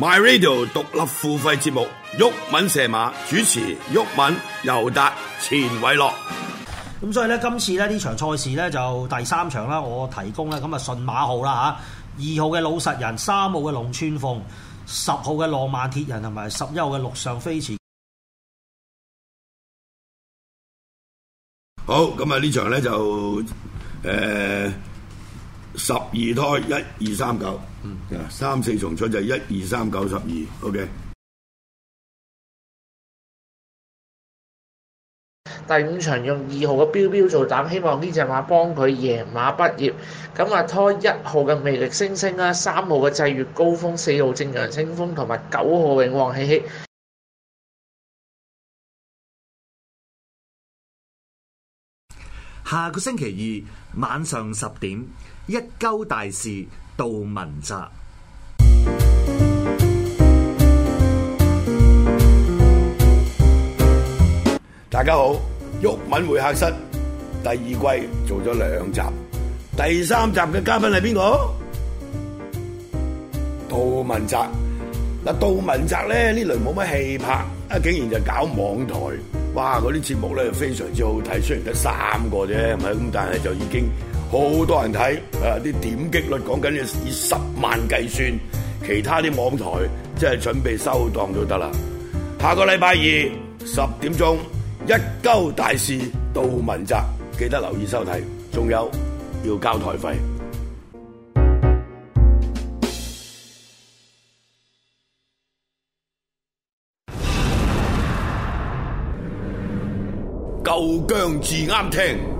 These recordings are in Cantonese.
My Radio 獨立付費節目，郁敏射馬主持，郁敏、尤達、錢偉樂。咁所以咧，今次咧呢場賽事咧就第三場啦。我提供咧咁啊順馬號啦吓，二號嘅老實人，三號嘅龍川鳳，十號嘅浪漫鐵人，同埋十一號嘅陸上飛馳。好，咁啊呢場咧就誒。呃十二胎一二三九，啊，三四重出就一二三九十二，OK。第五場用二號嘅標標做膽，希望呢隻馬幫佢贏馬畢業。咁啊，拖一號嘅魅力星星啦，三號嘅霽月高峰，四號正陽清風同埋九號永旺喜喜。下個星期二晚上十點，一溝大事，杜汶澤。大家好，玉敏會客室第二季做咗兩集，第三集嘅嘉賓係邊個？杜汶澤。嗱，杜汶澤咧呢輪冇乜戲拍，啊，竟然就搞網台。哇！嗰啲節目咧非常之好睇，雖然得三個啫，係咪？咁但係就已經好多人睇，啊！啲點擊率講緊要以十萬計算，其他啲網台即係準備收檔都得啦。下個禮拜二，十點鐘一鳩大事杜汶澤，記得留意收睇，仲有要交台費。夠姜至啱聽。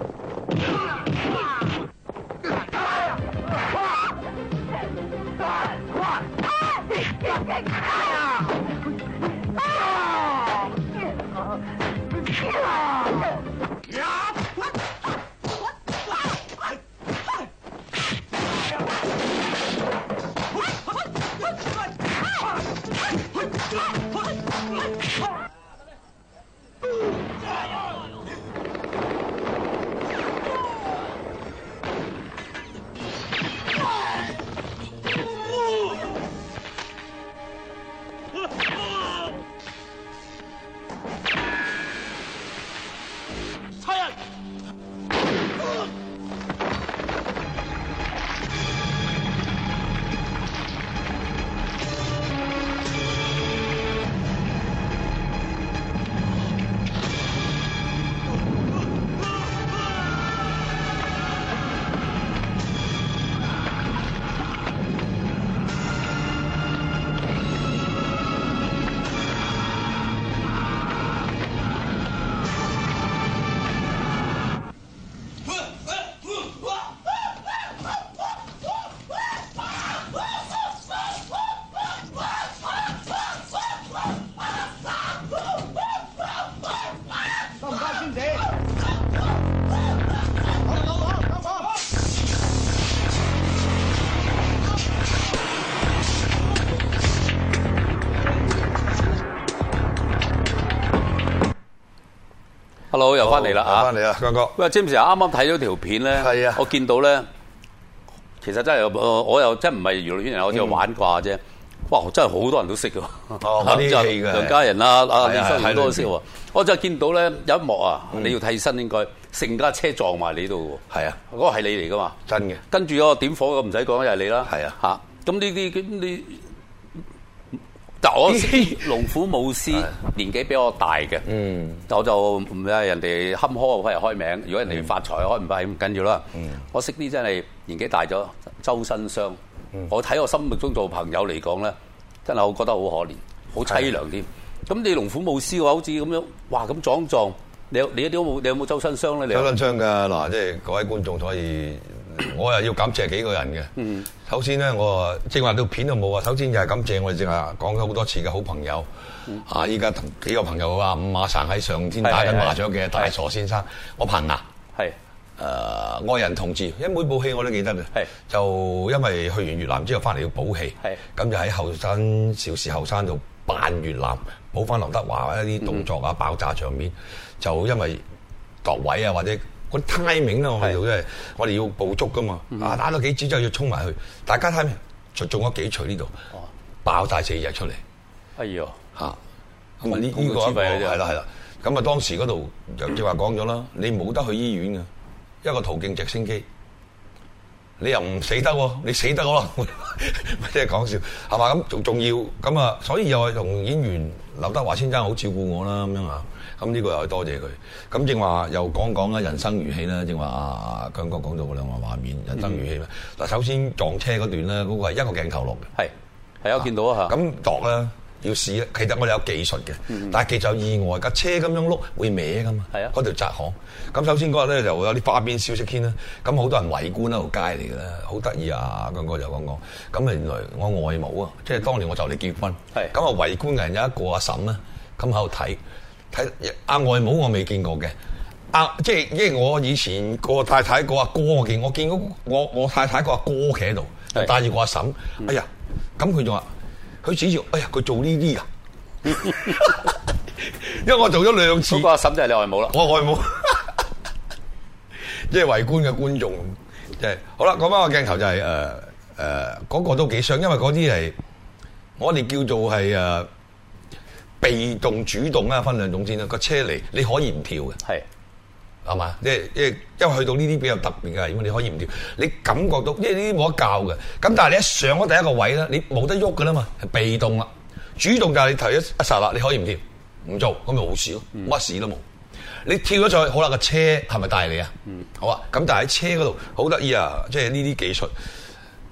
翻嚟啦嚇！翻嚟啦，姜哥。喂，James 啱啱睇咗條片咧，係啊，我見到咧，其實真係我又真唔係娛樂圈人，我只係玩掛啫。哇，真係好多人都識嘅。哦，好啲戲嘅。梁家仁啦，啊李生好多識喎。我就見到咧有一幕啊，你要替身應該成架車撞埋你度喎。係啊，嗰個係你嚟噶嘛？真嘅。跟住嗰個點火嘅唔使講，又係你啦。係啊，嚇！咁呢啲呢？ 但我識龍虎武師，的年紀比我大嘅，嗯，我就唔係人哋坎坷，佢係開名；如果人哋發財，嗯、開唔閉唔緊要啦。嗯、我識啲真係年紀大咗，周身傷。嗯、我睇我心目中做朋友嚟講咧，真係我覺得好可憐，好凄涼啲。咁的你龍虎武師嘅話，好似咁樣，哇咁撞撞，你你一啲冇，你有冇周身傷咧？你周身傷㗎嗱，即係 各位觀眾可以。我又要感謝幾個人嘅。首先咧，我正話到片都冇啊。首先就係感謝我哋正話講咗好多次嘅好朋友。嚇，依家幾個朋友啊，五馬神喺上天打緊麻雀嘅大傻先生，我彭啊，係誒是愛人同志，因為每部戲我都記得啦。就因為去完越南之後翻嚟要補戲，咁是是 就喺後生，邵氏後生度扮越南，補翻劉德華一啲動作啊、是是爆炸場面，就因為各位啊或者。個 timing 啦，我哋度真係，我哋要捕捉噶嘛，啊打咗幾支之後要衝埋去，大家 timing 就中咗幾除呢度，爆大四日出嚟，哎呦咁啊呢個啊，係啦係啦，咁啊當時嗰度就即係話講咗啦，你冇得去醫院嘅，一個途徑直升機，你又唔死得，你死得咯，即係講笑係嘛？咁仲重要，咁啊所以又係同演員劉德華先生好照顧我啦咁樣啊。咁呢個又係多謝佢。咁正話又講講啦，人生如戲啦。正話、嗯、啊，姜哥講到嗰兩個畫面，人生如戲啦。嗱，嗯、首先撞車嗰段咧，嗰、那個係一個鏡頭落嘅，係係啊，見到啊嚇。咁度啦，要試啊。其實我哋有技術嘅，嗯、但係其實有意外架車咁樣碌會歪噶嘛。係是啊，嗰條窄巷。咁首先嗰日咧就會有啲花邊消息添啦。咁好多人圍觀一條街嚟嘅。啦，好得意啊！姜哥就講講咁，原來我外母啊，即係當年我就嚟結婚，咁啊是的 圍觀嘅人有一個阿嬸咧，咁喺度睇。睇阿外母，我未見過嘅、啊。即係因為我以前個太太個阿哥我過，我見過我見到我我太太哥哥是的 個阿哥企喺度，帶住我阿嬸。哎呀，咁佢仲話，佢指住，哎呀，佢做呢啲噶。因為我做咗兩次。我阿嬸就係你外母啦。我外愛母，即 係圍觀嘅觀眾，即、就、係、是、好啦。講、那、翻個鏡頭就係誒誒，嗰、呃呃那個都幾傷，因為嗰啲係我哋叫做係誒。呃被動主動啊，分兩種先啦。個車嚟，你可以唔跳嘅，係是的，係嘛？即係即係因為去到呢啲比較特別嘅，咁啊，你可以唔跳。你感覺到，因為呢啲冇得教嘅。咁但係你一上咗第一個位咧，你冇得喐噶啦嘛，係被動啦。主動就係你頭一一剎啦，你可以唔跳，唔做，咁咪冇事咯，乜、嗯、事都冇。你跳咗再好啦，個車係咪帶你啊？嗯，好啊。咁、嗯、但係喺車嗰度好得意啊，即係呢啲技術。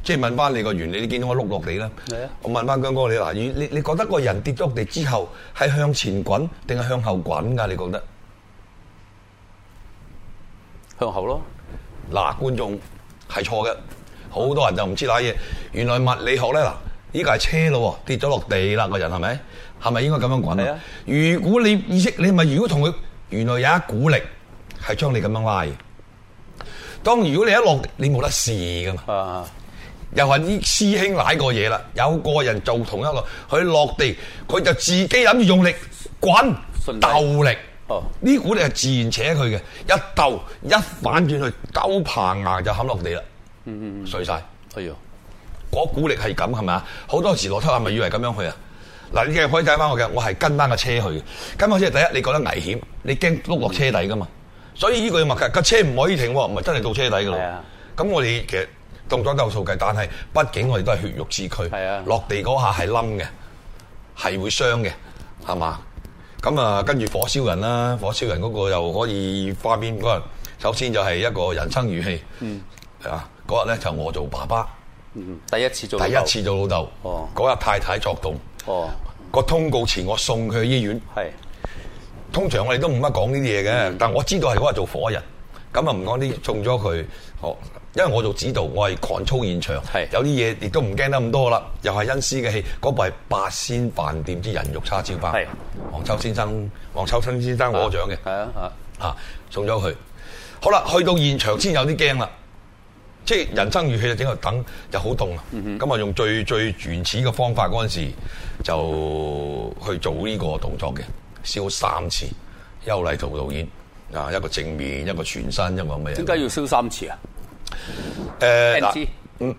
即係問翻你個原理，你見到我碌落地啦？係啊！我問翻姜哥，你嗱，你你覺得個人跌咗落地之後係向前滾定係向後滾㗎？你覺得向後咯？嗱，觀眾係錯嘅，好多人就唔知哪嘢。原來物理學咧嗱，依、呢個係車咯，跌咗落地啦，個人係咪係咪應該咁樣滾咧？啊、如果你意識你咪，如果同佢原來有一股力係將你咁樣拉。當如果你一落，你冇得事㗎嘛。啊又係啲師兄奶過嘢啦，有個人做同一個佢落地，佢就自己諗住用力滾底鬥力，呢股、哦、力係自然扯佢嘅，一鬥一反轉去，兜棚牙就冚落地啦，碎晒！係啊，嗰股力係咁係咪啊？好多時落梯我咪以為咁樣去啊。嗱，你嘅可以解翻我嘅，我係跟翻個車去嘅。跟翻車第一，你覺得危險，你驚碌落車底噶嘛？嗯、所以呢個要默契，架車唔可以停，唔係真係到車底噶啦，咁我哋其實。動咗救數計，但係畢竟我哋都係血肉之軀，是啊、落地嗰下係冧嘅，係會傷嘅，係嘛吧？咁啊，跟住火燒人啦，火燒人嗰個又可以花邊嗰日，首先就係一個人生語氣，係、嗯、啊，嗰日咧就我做爸爸，第一次做第一次做老豆，嗰日、哦、太太作動，哦、個通告前我送佢去醫院，哦、通常我哋都唔乜講呢啲嘢嘅，嗯、但我知道係嗰日做火人，咁啊唔講啲送咗佢，哦因為我做指導，我係狂操現場，是的 有啲嘢亦都唔驚得咁多啦。又係恩師嘅戲，嗰部係《八仙飯店之人肉叉燒包》，黃是的 秋先生、黃秋生先生攞獎嘅，係啊，啊，送咗佢。好啦，去到現場先有啲驚啦，即係人生如戲就整個等就好凍，咁啊、嗯、哼 用最最原始嘅方法嗰陣時就去做呢個動作嘅，燒三次。邱禮濤導演啊，一個正面，一個全身，一個咩？點解要燒三次啊？誒、呃、NG? 嗯，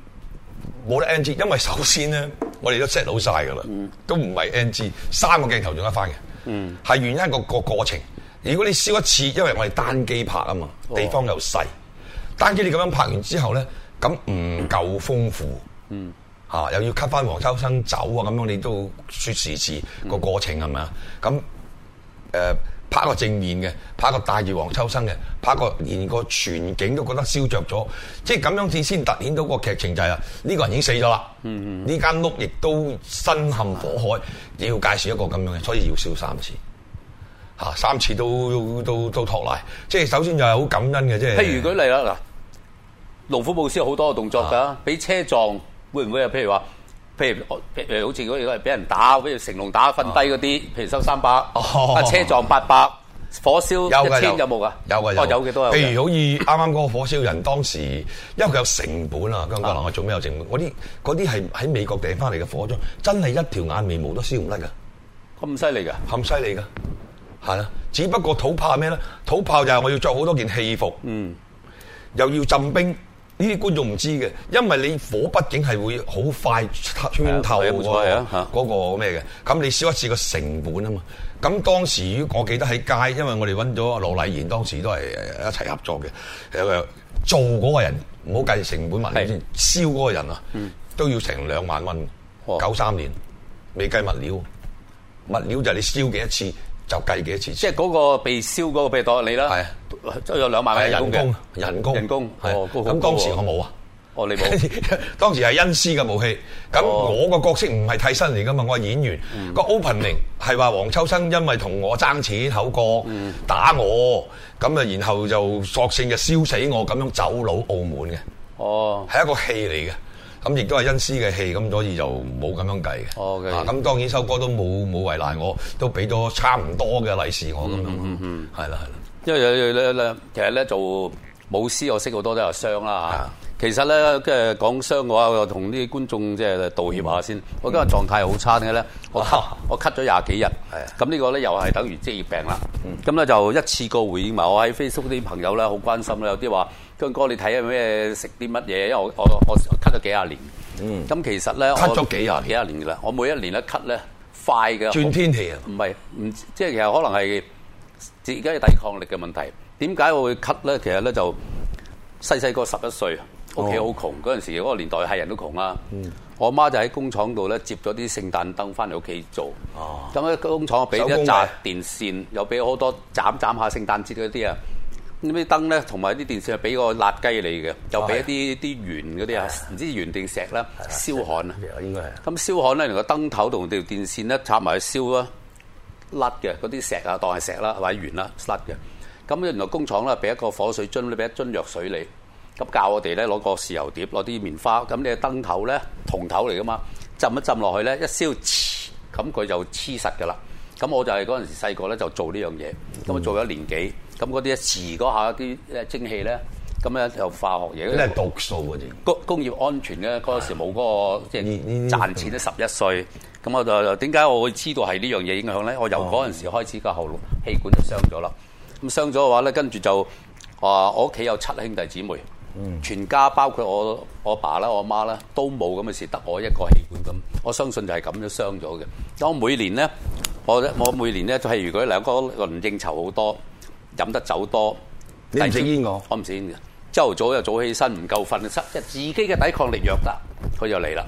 冇得 NG，因為首先咧，我哋都 set 好晒噶啦，嗯、都唔係 NG，三個鏡頭用得翻嘅，係、嗯、原因個、嗰個過程。如果你燒一次，因為我哋單機拍啊嘛，地方又細，哦、單機你咁樣拍完之後咧，咁唔夠豐富，吓、嗯啊、又要 cut 翻黃秋生走啊，咁樣你都說時遲、嗰個過程係咪啊？咁誒、嗯。拍個正面嘅，拍個大住黃秋生嘅，拍個連個全景都覺得燒着咗，即係咁樣先先突顯到個劇情就係啦，呢個人已經死咗啦，呢間嗯嗯屋亦都身陷火海，啊、要介紹一個咁樣嘅，所以要燒三次，嚇三次都都都托賴，即係首先就係好感恩嘅，即係譬如舉例啦，嗱，龍虎武師好多嘅動作㗎，俾、啊、車撞會唔會啊？譬如話。譬如譬如好似如果如果係俾人打，比如成龍打瞓低嗰啲，譬如收三百、哦，啊車撞八百，火燒一千有冇㗎？有㗎，有，有。有幾、哦、多啊？譬如好似啱啱嗰個火燒人當時，因為佢有成本啊，江嘉良，我做咩有成本？嗰啲啲係喺美國訂翻嚟嘅火葬，真係一條眼眉毛都燒唔甩㗎。咁犀利㗎？咁犀利㗎？係啦，只不過土炮咩咧？土炮就係我要着好多件戲服，嗯、又要浸冰。呢啲觀眾唔知嘅，因為你火畢竟係會好快穿透嘅喎，嗰個咩嘅？咁你燒一次個成本啊嘛。咁當時我記得喺街，因為我哋揾咗羅麗賢，當時都係一齊合作嘅。做嗰個人唔好計成本物料先，是的 燒嗰個人啊，都要成兩萬蚊。九三年未計物料，物料就係你燒幾多次就計幾次,次。即係嗰個被燒嗰個被袋你啦。收咗兩萬蚊人工，人工人工係咁。當時我冇啊，哦，你冇。當時係恩師嘅武器。咁我個角色唔係替身嚟噶嘛，我係演員。個 opening 係話黃秋生因為同我爭錢口角，打我，咁啊然後就索性就燒死我，咁樣走佬澳門嘅。哦，係一個戲嚟嘅，咁亦都係恩師嘅戲，咁所以就冇咁樣計嘅。哦，咁當然收歌都冇冇為難，我都俾咗差唔多嘅利是我咁樣係啦係啦。因為咧咧其實咧做武師，我識好多都有傷啦吓。係。其實咧，即係講傷嘅話，我同啲觀眾即係道歉下先。我今日狀態好差嘅咧，我我咳咗廿幾日。係。咁呢個咧又係等於職業病啦。咁咧、嗯、就一次過回應埋。我喺 Facebook 啲朋友咧好關心啦，有啲話：姜哥你睇下咩食啲乜嘢？因為我我我咳咗幾廿年。嗯。咁其實咧，咳咗幾廿幾廿年啦。我每一年一咳咧，快嘅。轉天氣啊！唔係唔即係其實可能係。而家嘅抵抗力嘅問題，點解我會咳咧？其實咧就細細個十一歲，屋企好窮，嗰陣時嗰、嗰個年代係人都窮啦。嗯、我阿媽就喺工廠度咧接咗啲聖誕燈翻嚟屋企做。咁咧、啊、工廠俾一扎電線，又俾好多斬斬下聖誕節嗰啲啊。咁啲燈咧，同埋啲電線啊，俾個焫雞嚟嘅，又俾一啲啲圓嗰啲啊，唔知圓定石啦，的燒焊汗啊，應該係。咁燒焊咧，連個燈頭同條電線咧插埋去燒甩嘅嗰啲石啊，當係石啦，或者鉛啦，甩嘅。咁原來工廠咧俾一個火水樽你，俾一樽藥水你。咁教我哋咧攞個豉油碟，攞啲棉花。咁你嘅燈頭咧銅頭嚟噶嘛，浸一浸落去咧一燒，咁佢就黐實㗎啦。咁我就係嗰陣時細個咧就做呢樣嘢。咁啊、嗯、做咗年幾，咁嗰啲一呲嗰下啲誒蒸氣咧。咁咧就化學嘢，嗰啲係毒素嘅啫。工工業安全咧，嗰陣時冇嗰、那個即係、哎、呀賺錢咧，十一歲。咁我就點解我會知道係呢樣嘢影響咧？我由嗰陣時開始嘅喉氣管就傷咗啦。咁傷咗嘅話咧，跟住就啊，我屋企有七兄弟姊妹，嗯、全家包括我我爸啦、我媽啦都冇咁嘅事，得我一個氣管咁。我相信就係咁都傷咗嘅。當每年咧，我我每年咧都係如果嗱嗰輪應酬好多，飲得酒多，唔食煙我，我唔食煙嘅。朝頭早又早起身唔夠瞓，即係自己嘅抵抗力弱啦，佢就嚟啦。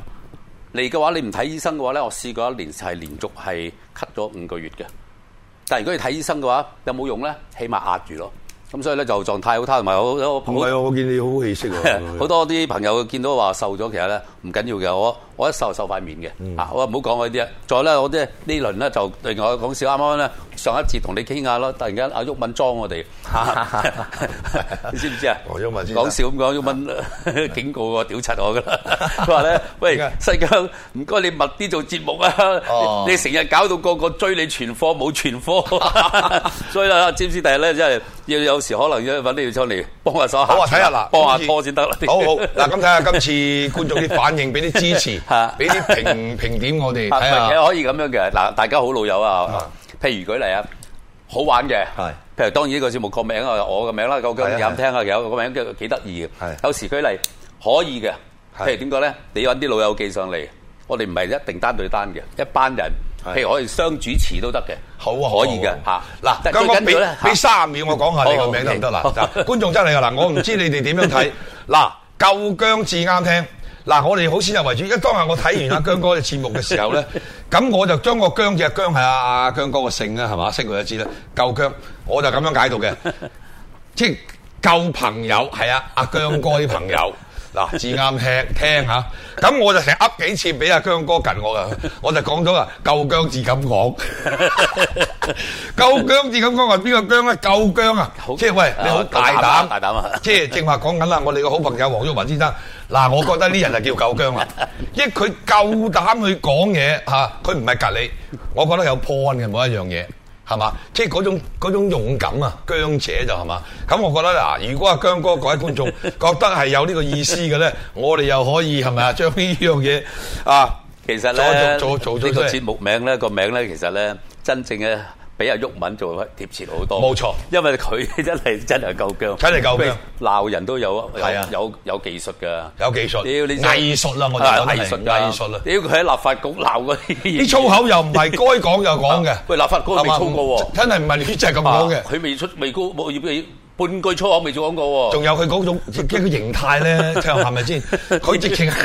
嚟嘅話，你唔睇醫生嘅話咧，我試過一年係連續係咳咗五個月嘅。但係如果你睇醫生嘅話，有冇用咧？起碼壓住咯。咁所以咧就狀態好差同埋我，朋友唔係啊！我見你好氣色，好多啲朋友見到話瘦咗，其實咧唔緊要嘅我。我一瘦瘦塊面嘅，啊，我唔好講嗰啲啊。再咧，我即係呢輪咧就另外講笑，啱啱咧，上一次同你傾下囉，突然間阿毓民裝我哋，你知唔知啊？講笑咁講，毓民警告我屌柒我噶啦，佢話咧：喂，細姜，唔該你密啲做節目啊！你成日搞到個個追你存貨冇存貨，所以呢，知唔知？第日咧即係要有時可能要揾你要出嚟幫下手。好啊，睇下啦，幫下拖先得啦。好好嗱，咁睇下今次觀眾啲反應，俾啲支持。嚇！俾啲評評點我哋睇下，可以咁樣嘅嗱，大家好老友啊！譬如舉例啊，好玩嘅，譬如當然呢個節目個名啊，我個名啦，夠姜啱聽啊，有個名叫幾得意嘅，有時舉例可以嘅，譬如點講咧？你揾啲老友記上嚟，我哋唔係一定單對單嘅，一班人譬如我哋雙主持都得嘅，好可以嘅嚇。嗱，咁我俾俾卅秒我講下你個名得唔得啦。觀眾真係嘅嗱，我唔知你哋點樣睇嗱，夠姜至啱聽。嗱，我哋好先入為主，一當日我睇完阿姜哥嘅節目嘅時候咧，咁我就將個姜隻姜係阿阿姜哥嘅姓啦，係嘛？識佢都知啦，夠姜，我就咁樣解讀嘅，即係夠朋友，係啊，阿姜哥啲朋友。嗱，至啱聽聽嚇，咁我就成日噏幾次俾阿姜哥近我噶，我就講咗啦，夠姜至咁講， 夠姜至咁講話邊個姜啊？夠姜啊！薑即係喂，你好大膽，即係正話講緊啦，我哋嘅好朋友黃玉文先生，嗱，我覺得呢人就叫夠姜啊，因為佢 夠膽去講嘢嚇，佢唔係隔離，我覺得有破案嘅每一樣嘢。係嘛，即係嗰種,種勇敢啊，姜者就係嘛。咁我覺得嗱、啊，如果阿姜哥各位觀眾 覺得係有呢個意思嘅咧，我哋又可以係咪啊，將呢樣嘢啊，其實咧做咗個節目名咧個名咧，其實咧真正嘅、啊。俾阿郁文做貼切好多，冇錯，因為佢真係真係夠姜，真係夠姜，鬧人都有，有有技術㗎，啊、有技術，屌你，要你藝術啦，我就係、啊、藝術，藝術啦，屌佢喺立法局鬧嗰啲，粗口又唔係該講又講嘅，喂 立法局未粗過喎，真係唔係你真係咁講嘅，佢未出未高冇亦未半句粗口未做講過喎，仲有佢嗰種自己嘅形態咧， 聽係咪先？佢直情。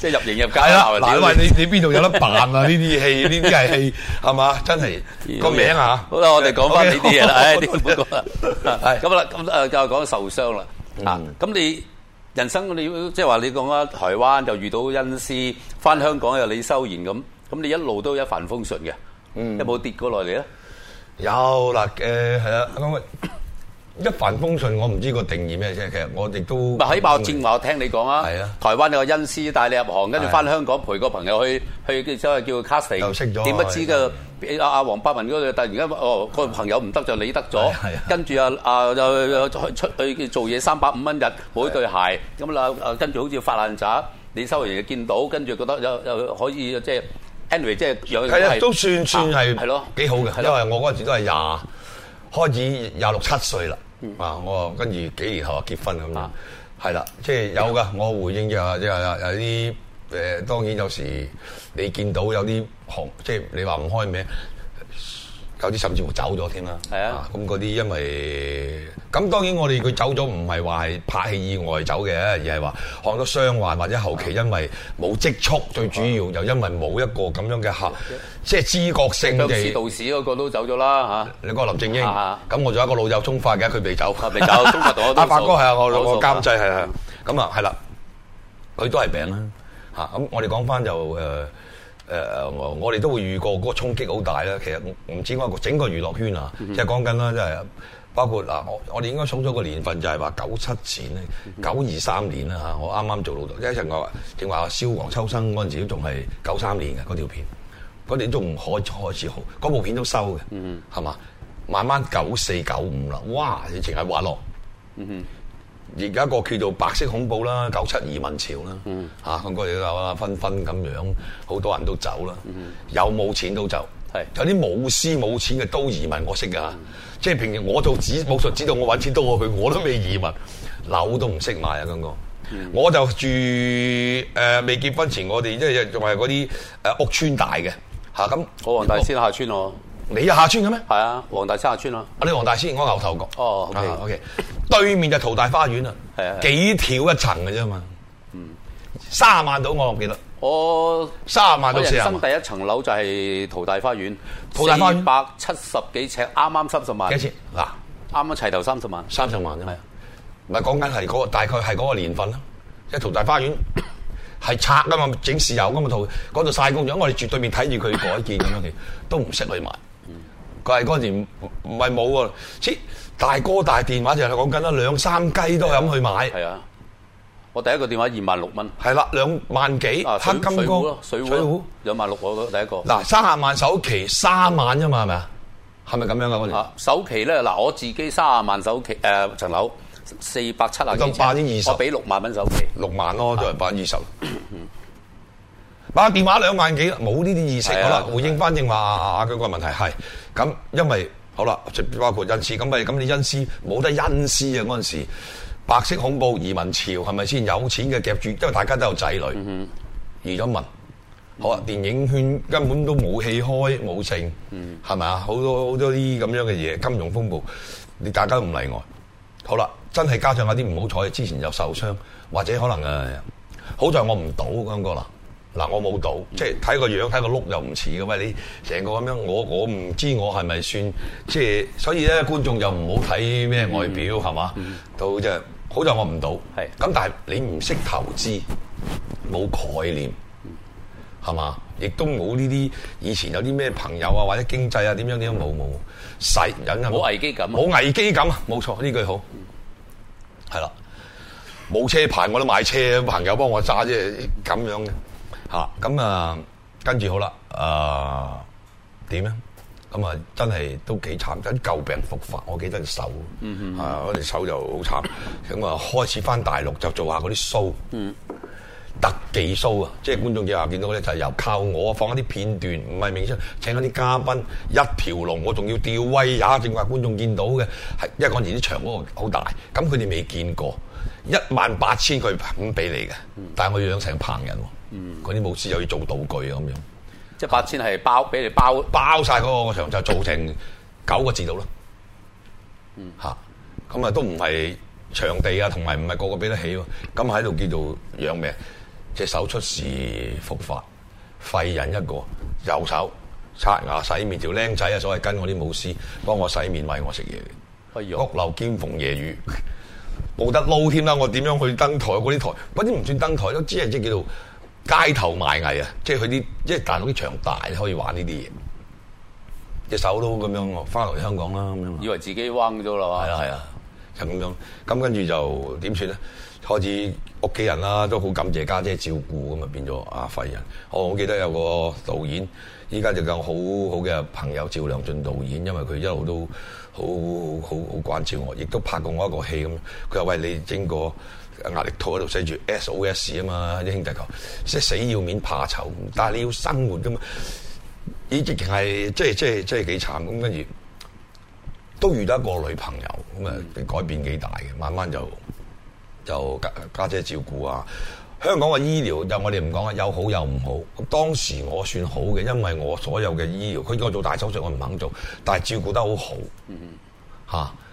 即係入型入界啦！嗱，喂，你你邊度有得辦啊？呢啲戲，呢啲係戲，係嘛？真係個名啊！好啦，我哋講翻呢啲嘢啦。係咁啦，咁誒，又講受傷啦。啊，咁你人生，你即係話你講啦，台灣就遇到恩師，翻香港又李修賢咁，咁你一路都一帆風順嘅，嗯，有冇跌過落嚟咧？有啦，誒係啊，阿聰。一帆風順，我唔知個定義咩啫。其實我哋都，喺爆戰話，我聽你講是啊。係啊，台灣有個恩師帶你入行，跟住翻香港陪個朋友去去叫 casting, 又，所以叫 c a s t l e 又識咗。點不知就阿阿黃百鳴嗰、那個突然間哦個朋友唔得就你得咗是、啊。啊。跟住啊，阿又出去做嘢三百五蚊日，每對鞋咁啦。跟住是、啊、好似發爛渣，你收完見見到，跟住覺得又又可以 way, 即係 anyway 即係有。係啊，都算、啊、算係幾好嘅，是啊、因為我嗰陣時都係廿開始廿六七歲啦。嗯、啊！我跟住幾年後話結婚咁，係啦，啊、是的即係有㗎。是的 我回應就係，即係有啲誒、呃，當然有時你見到有啲行，即係你話唔開名。有啲甚至乎走咗添啦，咁嗰啲因為咁當然我哋佢走咗唔係話係拍戲意外走嘅，而係話看咗傷患或者後期因為冇積蓄，最主要就因為冇一個咁樣嘅客，即係知覺性嘅。道士嗰個都走咗啦嚇，你講林正英，咁我仲有一個老友中發嘅，佢未走，未走，阿發哥係啊，我我監製係啊，咁啊係啦，佢都係病啦嚇，咁我哋講翻就誒呃、我哋都會遇過嗰個衝擊好大啦。其實唔止我整個娛樂圈啊，即係講緊啦，即係包括嗱，我我哋應該想咗個年份，就係話九七前咧，九二三年啦吓，我啱啱做老豆，一陣我話正話蕭黃秋生嗰陣時都仲係九三年嘅嗰條片，嗰啲都可以開始好，嗰部片都收嘅，係嘛、嗯哼？慢慢九四九五啦，哇！你淨係滑落。嗯而家一個叫做白色恐怖啦，九七移民潮啦，嚇，香港都有啦，紛紛咁樣，好多人都走啦，有冇錢都走，有啲冇私冇錢嘅都移民，我識㗎，即係、嗯嗯、平時我做指武術指導，知道我揾錢都我去，我都未移民，樓都唔識買啊，咁我，我就住未結婚前我哋即係仲係嗰啲屋邨大嘅，嚇咁，我黃大仙我下邨喎。你下村嘅咩？係啊，黃大沙下村咯。我啲黃大仙，我牛頭角。哦，OK 對面就淘大花園啦，係啊，幾條一層嘅啫嘛。嗯，卅萬到我唔記得，我卅萬到先啊。我人生第一層樓就係淘大花園，淘大花園百七十幾尺，啱啱三十萬。幾錢？嗱，啱啱齊頭三十萬，三十萬啫啊，唔係講緊係嗰個大概係嗰個年份啦，即係淘大花園係拆㗎嘛，整豉油啊嘛，淘嗰度晒工咗，我哋住對面睇住佢改建咁樣嘅，都唔識去買。但係嗰年唔係冇喎，即大哥大電話就係講緊啦，兩三雞都係咁去買。係啊，我第一個電話二萬六蚊。係啦，兩萬幾黑金光水壺，兩萬六我個第一個。嗱，三十萬首期三萬啫嘛，係咪啊？係咪咁樣啊？嗰年首期咧，嗱，我自己三十萬首期，誒層樓四百七廿幾，我俾六萬蚊首期，六萬咯，就係百分之二十。嗱，電話兩萬幾，冇呢啲意識。好啦，回應返正話阿阿姜哥個問題係。咁，因為好啦，包括恩師，咁咪咁你恩師冇得恩師啊嗰陣時，白色恐怖移民潮係咪先？有錢嘅夾住，因為大家都有仔女，移咗民好啊！電影圈根本都冇戲開，冇剩，係咪啊？好多好多啲咁樣嘅嘢，金融風暴，你大家都唔例外。好啦，真係加上有啲唔好彩，之前又受傷，或者可能誒，好在我唔賭咁個啦。嗱，我冇賭，即係睇個樣，睇個碌又唔似嘅嘛。你成個咁樣，我我唔知我係咪算即係，所以咧觀眾就唔好睇咩外表，係嘛，嗯？到就好在我唔賭，係咁。是但係你唔識投資，冇概念，係嘛？亦都冇呢啲以前有啲咩朋友啊，或者經濟啊，點樣點樣冇冇，細人啊，冇危機感，冇危機感，冇錯呢句好，係啦，嗯，冇車牌我都買車，朋友幫我揸啫，咁樣嘅。嚇，咁啊，跟、啊、住好啦，啊點咧？咁啊真係都幾慘，真舊病復發。我記得隻手，嗯、哼啊我隻手就好慘。咁啊、嗯、哼開始翻大陸就做下嗰啲 show，嗯、特技 show 啊，即係觀眾就話見到咧就係由靠我放一啲片段，唔係明星請嗰啲嘉賓一條龍，我仲要吊威也。也正話觀眾見到嘅係，因為嗰啲場嗰度好大，咁佢哋未見過，一萬八千佢咁俾你嘅，嗯、但係我養成棚人。嗰啲舞師又要做道具啊，咁、嗯、樣，即係八千係包俾是你包包晒嗰個場， 就做成九個字度咯。吓、嗯，咁啊都唔係場地啊，同埋唔係個個俾得起喎。咁喺度叫做養命，隻、嗯、手出事復發，廢人一個。右手刷牙洗面，條僆仔啊，所謂跟我啲舞師幫我洗面，餵我食嘢。屋漏、哎、呦兼逢夜雨，冇 得撈添啦！我點樣去登台？嗰啲台嗰啲唔算登台都只係即叫做。街頭賣藝啊，即係佢啲，即係大陸啲場大，可以玩呢啲嘢，隻手都咁樣，我翻嚟香港啦咁樣。以為自己彎咗啦嘛，係啊係啊，就咁樣，咁跟住就點算咧？開始屋企人啦，都好感謝家姐，姐照顧，咁啊變咗阿廢人。我我記得有個導演，依家就有好好嘅朋友趙良駿導演，因為佢一路都好好好好關照我，亦都拍過我一個戲咁，佢又為你整個。壓力套喺度寫住 SOS 啊嘛，啲兄弟球即係死要面怕醜，但係你要生活㗎嘛，你直情係即係即係即係幾慘咁，跟住都遇到一個女朋友咁啊，改變幾大嘅，慢慢就就家姐姐照顧啊。香港嘅醫療就我哋唔講啦，有好有唔好。當時我算好嘅，因為我所有嘅醫療，佢叫我做大手術，我唔肯做，但係照顧得好好，嗯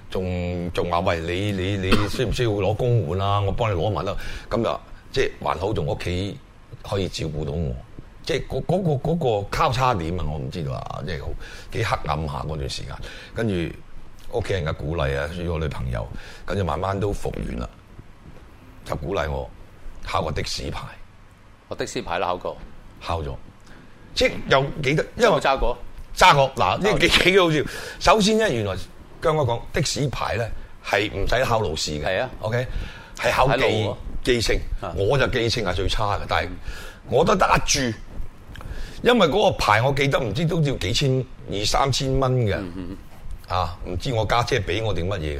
仲仲話喂，你你你，你需唔需要攞公援啊？我幫你攞埋啦。咁就即係還好，仲屋企可以照顧到我即、嗰個。即係嗰嗰個嗰、嗰個交叉點啊，我唔知道啊。即係好幾黑暗下嗰段時間，跟住屋企人嘅鼓勵啊，所以我女朋友，跟住慢慢都復原啦。就鼓勵我考個的士牌，我的士牌考過，考咗，即係又幾得，因為揸過，揸過嗱，呢喇幾幾個好笑。首先咧，原來。姜哥講的士牌咧係唔使考路試嘅，係啊，OK 係考記記性，我就記性係最差嘅，但係我都得住，因為嗰個牌我記得唔知都要幾千二三千蚊嘅，嗯、哼啊唔知我家姐俾我定乜嘢嘅，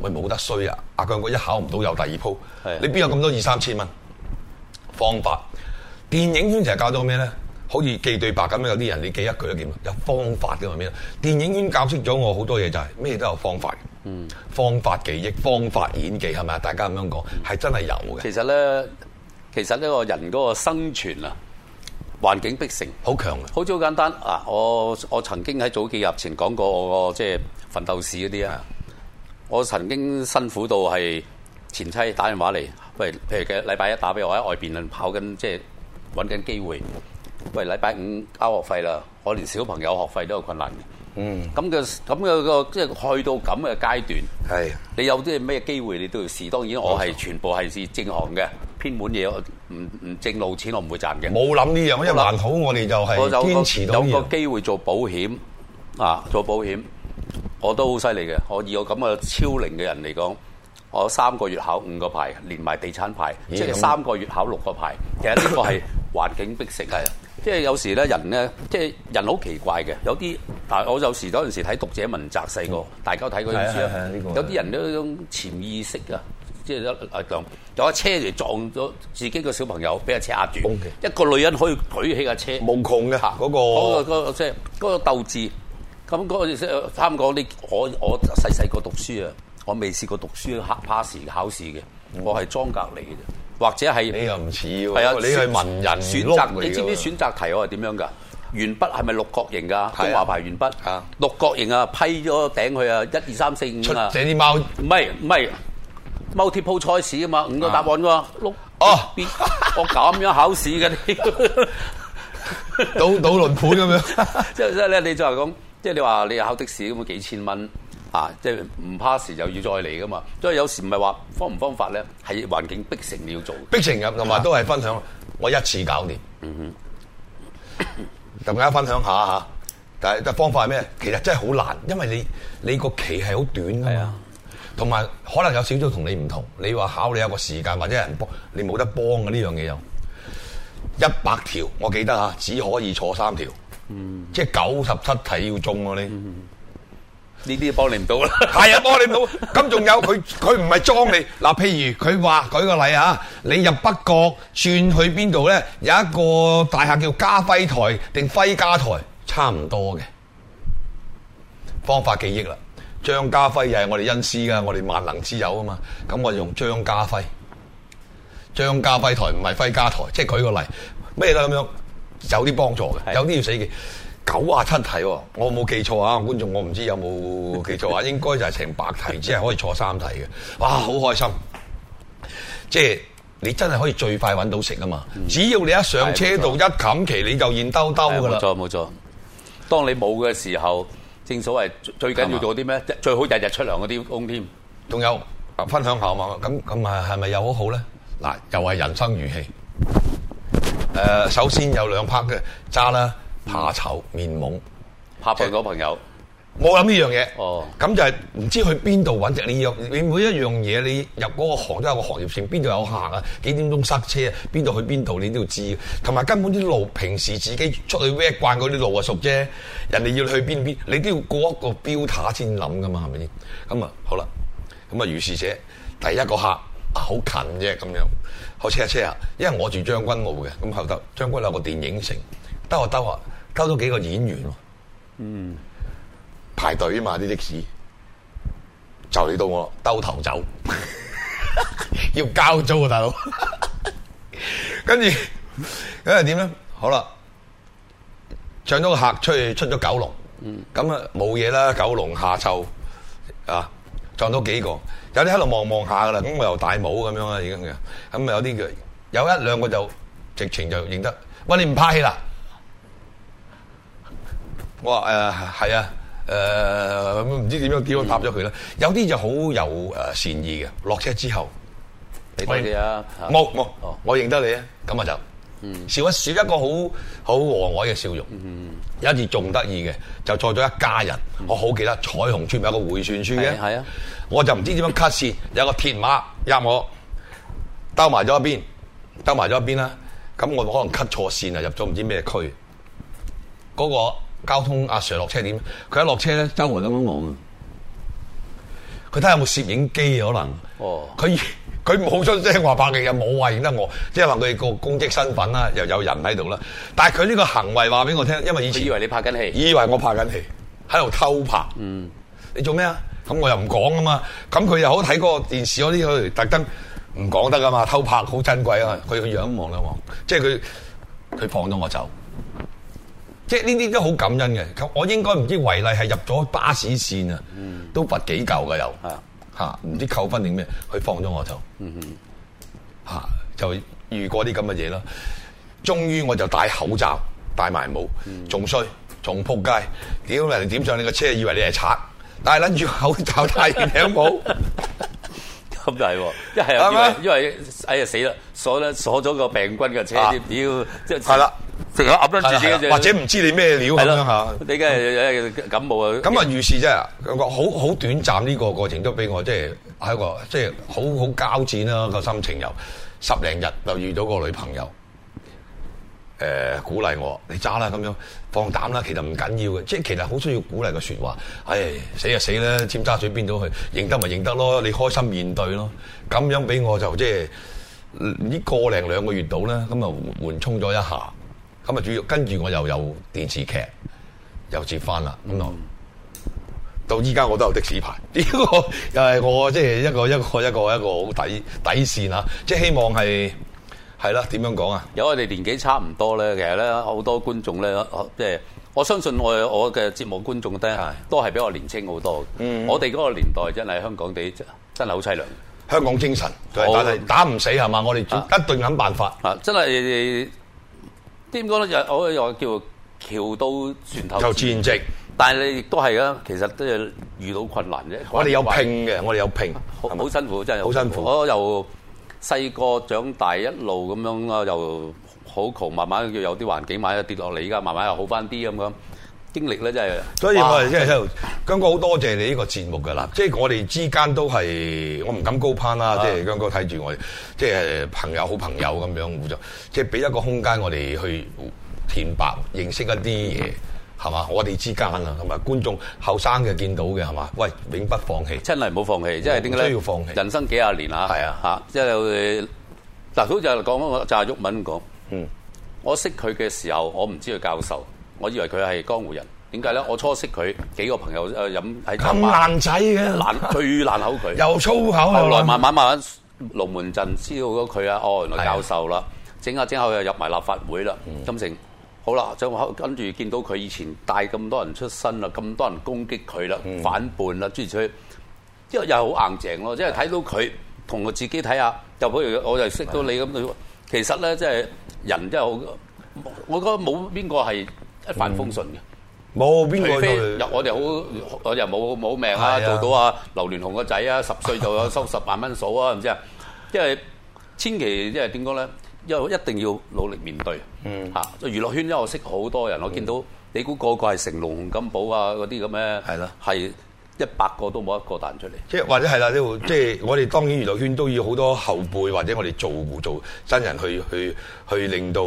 喂冇得衰啊！阿姜哥一考唔到有第二鋪，啊、你邊有咁多二、嗯、三千蚊？方法電影圈成日教咗咩咧？好似記對白咁樣，有啲人你記一句都點有方法嘅，話咩？電影院教識咗我好多嘢，就係咩都有方法。嗯，方法記憶，方法演技係咪啊？大家咁樣講係真係有嘅。其實咧，其實呢個人嗰個生存啊，環境逼成好強，好似好簡單。我我曾經喺早幾日前講過，我個即係奮鬥史嗰啲啊。我曾經辛苦到係前妻打電話嚟，喂，譬如嘅禮拜一打俾我喺外邊啊，跑緊即係揾緊機會。喂，禮拜五交學費啦！我連小朋友學費都有困難嘅。嗯的，咁嘅咁嘅個即係去到咁嘅階段，係是的 你有啲咩機會你都要試。當然我係全部係是正行嘅，偏門嘢唔唔正路錢，我唔會賺嘅。冇諗呢樣，因為好我哋就係堅持到嘢。我有個機會做保險啊，做保險我都好犀利嘅。我以我咁嘅超齡嘅人嚟講，我三個月考五個牌，連埋地產牌，即係、嗯、三個月考六個牌。其實呢個係環境逼成嘅。 即係有時咧，人咧，即係人好奇怪嘅，有啲我有時嗰陣時睇《讀者文摘》，細個、嗯、大家睇嗰本書、呢個、有啲人都種潛意識啊，即係咧，啊，架車嚟撞咗自己個小朋友，俾架車壓住，Okay. 一個女人可以舉起架車，冇窮嘅嗰、啊嗰個，即鬥志。咁嗰個即啱講，你我我細細個讀書啊，我未試過讀書嚇怕試考試嘅，我係裝隔籬嘅啫。嗯或者係你又唔似喎，係啊，你係文人選擇，你知唔知選擇題我係點樣㗎？鉛筆係咪六角形㗎？中華牌鉛筆啊，六角形啊，批咗頂佢啊，一二三四五啊，出啲貓唔係唔係，multiple choice 啊嘛，五個答案喎，六？哦，我咁樣考試嘅，賭賭輪盤咁樣，即係即係咧，你就係噉，即係你話你考的士咁幾千蚊。啊，即係唔 pass 時又要再嚟噶嘛，所以有時唔係話方唔方法咧，係環境逼成你要做的的，逼成嘅同埋都係分享，我一次搞掂，嗯哼，同大家分享一下嚇，但係嘅方法係咩？其實真係好難，因為你你個期係好短嘅，係啊，同埋可能有少少同你唔同，你話考慮有個時間或者人幫，你冇得幫嘅呢樣嘢又一百條，我記得嚇，只可以坐三條，嗯、哼即係九十七題要中喎、啊、呢。呢啲幫你唔到啦，係啊，幫你唔到。咁仲有佢，佢唔係裝你。嗱，譬如佢話舉個例啊，你入北角轉去邊度咧？有一個大廈叫嘉輝台定輝嘉台，差唔多嘅方法記憶啦。張家輝又係我哋恩師噶，我哋萬能之友啊嘛。咁我用張家輝，張家輝台唔係輝嘉台，即係舉個例咩都咁樣有啲幫助嘅，的有啲要死嘅。九啊七題，我冇記錯啊！觀眾，我唔知有冇記錯啊， 應該就係成百題，只係可以坐三題嘅。哇，好開心！即係、嗯就是、你真係可以最快揾到食啊嘛！嗯、只要你一上車度錯一撳旗，你就現兜兜噶啦。冇錯冇錯，當你冇嘅時候，正所謂最緊要，要做啲咩？是嗎 最好日日出糧嗰啲工添。仲有分享下嘛，咁咁啊係咪又好好咧？嗱，又係人生如戲。誒、呃，首先有兩拍嘅揸啦。怕醜面懵，拍片嗰朋友冇諗呢樣嘢，咁就係唔知去邊度揾啫。你若你每一樣嘢，你入嗰個行都有個行業性，邊度有行啊？幾點鐘塞車啊？邊度去邊度你都要知，同埋根本啲路平時自己出去搵慣嗰啲路啊熟啫。人哋要去邊邊，你都要過一個標塔先諗噶嘛，係咪先？咁啊那好啦，咁啊如是者，第一個客啊好近啫，咁樣好車啊車啊，因為我住將軍澳嘅，咁後頭將軍澳有個電影城，得啊得啊。溝咗幾個演員，嗯排隊，排隊嘛，啲的士，就嚟到我兜頭走， 要交租啊，大佬。跟住，咁又點咧？好啦，唱咗個客出去，出咗九龍，咁啊冇嘢啦。九龍下晝啊，撞到幾個，有啲喺度望望下噶啦。咁我又戴帽咁樣啊，已經咁咁啊有啲叫，有一兩個就直情就認得。喂，你唔拍戲啦？我話誒係啊，誒、呃、唔知點樣點樣答咗佢啦。嗯、有啲就好有善意嘅，落車之後，你啊！冇冇我認、啊，哦、我認得你啊！咁啊就，笑一笑一個好好、嗯、和藹嘅笑容。嗯、有一次仲得意嘅，就坐咗一家人。嗯、我好記得彩虹村咪有個回旋處嘅，啊！我就唔知點樣 cut 線， 有個鐵馬入我兜埋咗一邊，兜埋咗一邊啦。咁我可能 cut 錯線啊，入咗唔知咩區嗰、嗰個交通阿 Sir 落車點？佢一落車咧，周圍咁樣望啊！佢睇下有冇攝影機可能？哦，佢佢冇想即係話拍劇，又冇話影得我，即係話佢個公職身份啦，又有人喺度啦。但係佢呢個行為話俾我聽，因為以前以為你拍緊戲，以為我拍緊戲，喺度偷拍。嗯你，你做咩啊？咁我又唔講啊嘛。咁佢又好睇嗰個電視嗰啲佢特登唔講得噶嘛，偷拍好珍貴啊！佢佢樣望兩望，嗯、即係佢佢放咗我走。即係呢啲都好感恩嘅，我我應該唔知維麗係入咗巴士線啊，都罰幾嚿嘅又唔知扣分定咩？佢放咗我就就遇過啲咁嘅嘢啦，終於我就戴口罩戴埋帽，仲衰仲仆街，屌人哋點上你個車以為你係賊？但戴撚住口罩戴住頂帽咁就係，喎，因為哎呀死啦，鎖咧鎖咗個病菌嘅車屌即係係啦。啊或者唔知你咩料咁樣吓？你梗係感冒啊？咁啊、嗯，遇事啫，好好短暫呢個過程都俾我即係係一個即係好好交戰啦個心情，又十零日就遇咗個女朋友，誒、呃、鼓勵我，你揸啦咁樣，放膽啦，其實唔緊要嘅，即係其實好需要鼓勵嘅說話。唉、哎，死就死啦，尖揸水邊度去，認得咪認得咯，你開心面對咯，咁樣俾我就即係呢個零兩個月度咧，咁啊緩衝咗一下。今日主要跟住我又有電視劇又接翻啦，咁到依家我都有的士牌，呢、這個又係我即、就是、一個一個一個一個好底底線，即係希望係係啦，點樣講啊？有我哋年紀差唔多咧，其實咧好多觀眾咧，即、就是、我相信我的我嘅節目觀眾咧都係比我年輕好多。Mm hmm. 我哋嗰個年代真係香港地真係好淒涼，香港精神但、就是、打唔、oh. 死係嘛？我哋一定諗辦法啊，啊！真啲點講咧，就我又叫做橋到船頭戰，就自然直，但係你亦都係啊！其實都係遇到困難啫。我哋有拼嘅，我哋有拼，好辛苦真係。好吧辛苦！辛苦辛苦我由細個長大一路咁樣啊，又好窮，慢慢要有啲環境，慢慢跌落嚟，依家慢慢又好返啲咁樣。經歷咧真係，所以我哋即係姜哥好多謝你呢個節目㗎啦。即係我哋之間都係我唔敢高攀啦。即係、嗯、姜哥睇住我哋，即係朋友、好朋友咁樣互相，即係俾一個空間我哋去填白、認識一啲嘢，係嘛？我哋之間啊同埋觀眾，後生嘅見到嘅係嘛？喂，永不放棄，真係唔好放棄，即係點解咧？人生幾廿年啦，係啊吓，即係嗱，早就講嗰個就係郁文講。嗯，啊啊、我，說說我，嗯我識佢嘅時候，我唔知佢教授。我以為佢係江湖人，點解咧？我初識佢幾個朋友誒，飲喺咁硬仔嘅爛，最爛口佢又粗口。後來慢慢慢慢，龍門陣知道咗佢啊！哦，原來教授啦，是的 整下整下又入埋立法會啦。金城、嗯、好啦，再跟住見到佢以前帶咁多人出身啦，咁多人攻擊佢啦，嗯、反叛啦，諸如此類，即係又好硬淨咯。即係睇到佢同我自己睇下，就譬如我就識到你咁，是的 其實咧，即係人真係好，我覺得冇邊個係。一帆風順嘅，冇邊個除非入我哋好，我又冇冇命啊！做到啊，劉聯雄個仔啊，十歲就有收十萬蚊數啊，唔知啊。因為千祈，因為點講咧？因為一定要努力面對。嗯，嚇！娛樂圈因為，我識好多人，我見到你估個個係成龍、洪金寶啊嗰啲咁咧，係啦，係。一百個都冇一個彈出嚟，即係或者係啦，呢即係我哋當然娛樂圈都要好多後輩或者我哋做做新人去去去令到誒，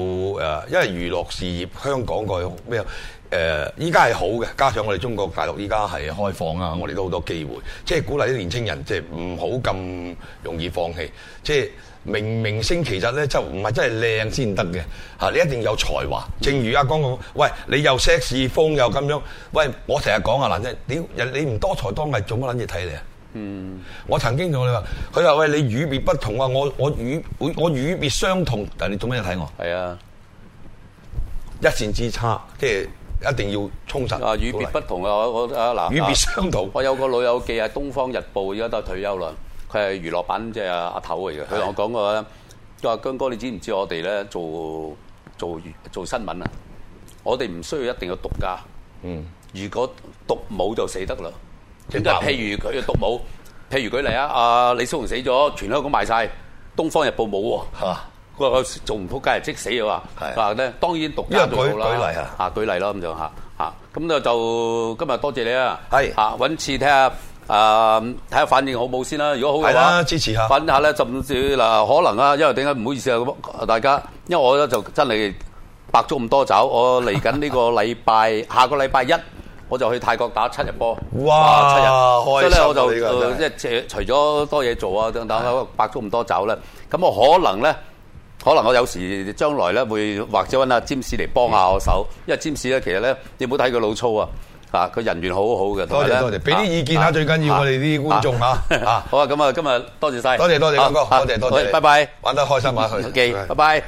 因為娛樂事業香港個咩啊？誒，依家係好嘅，加上我哋中國大陸依家係開放啊，嗯、我哋都好多機會，即係鼓勵啲年青人，即係唔好咁容易放棄。即係明明星其實咧，就唔係真係靚先得嘅吓，你一定有才華。嗯、正如阿姜講，喂，你又色士、嗯、風又咁樣，喂，我成日講啊，蘭姐，屌人你唔多才多藝，做乜撚嘢睇你啊？嗯，我曾經同你話，佢話喂，你與別不同啊，我我與我與別相同，但你做咩睇我？係啊，一線之差，啊、即係。一定要充實。啊，與別不同啊！我啊嗱，與別相同。我有個老友記係《東方日報》，而家都退休啦。佢係娛樂版即係阿阿頭嚟嘅。佢同我講過咧，佢話：姜哥，你知唔知我哋咧做做做做新聞啊？我哋唔需要一定要獨家。嗯。如果獨冇就死得啦。點解？譬如佢獨冇，譬如舉例啊，阿李叔紅死咗，全香港賣晒《東方日報》冇喎。啊做唔到梗係即死嘅話，話咧的當然獨家最好啦。嚇，舉例啦、啊、咁、啊、就嚇嚇，咁咧就今日多謝，謝你是的 啊！係嚇，揾次睇下誒，睇下反應好冇先啦。如果好嘅話，支持下，揾下咧，甚至嗱，可能啊，因為點解唔好意思啊？大家，因為我咧就真係白咗咁多酒，我嚟緊呢個禮拜， 下個禮拜一我就去泰國打七日波。哇！所以咧我就即係除咗多嘢做啊，等等白咗咁多酒咧，咁我可能咧。可能我有時將來咧會或者揾阿占仕嚟幫下我手，嗯、因為占仕咧其實咧，你唔好睇佢老粗啊，嚇佢人緣好好嘅。多謝多謝,謝,謝，俾啲意見下最緊要我哋啲觀眾嚇嚇。好謝謝啊，咁啊，今日多謝晒，多謝多謝，哥，多謝多謝，拜拜，玩得開心去，阿手機，拜拜。拜拜